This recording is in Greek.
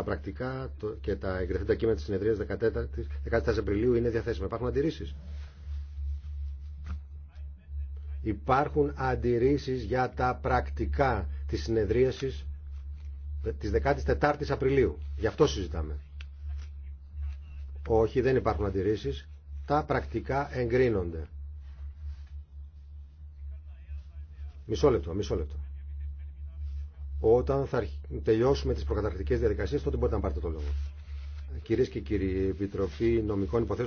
Τα πρακτικά και τα εγκριθέντα κείμενα της συνεδρίας 14, 14 Απριλίου είναι διαθέσιμα. Υπάρχουν αντιρρήσεις. Υπάρχουν αντιρρήσεις για τα πρακτικά της συνεδρίασης της 14ης Απριλίου. Γι' αυτό συζητάμε. Όχι, δεν υπάρχουν αντιρρήσεις. Τα πρακτικά εγκρίνονται. Μισό λεπτό, μισό λεπτό. Όταν θα τελειώσουμε τις προκαταρκτικές διαδικασίες, τότε μπορείτε να πάρετε το λόγο. Κυρίες και κύριοι, Επιτροπή Νομικών Υποθέσεων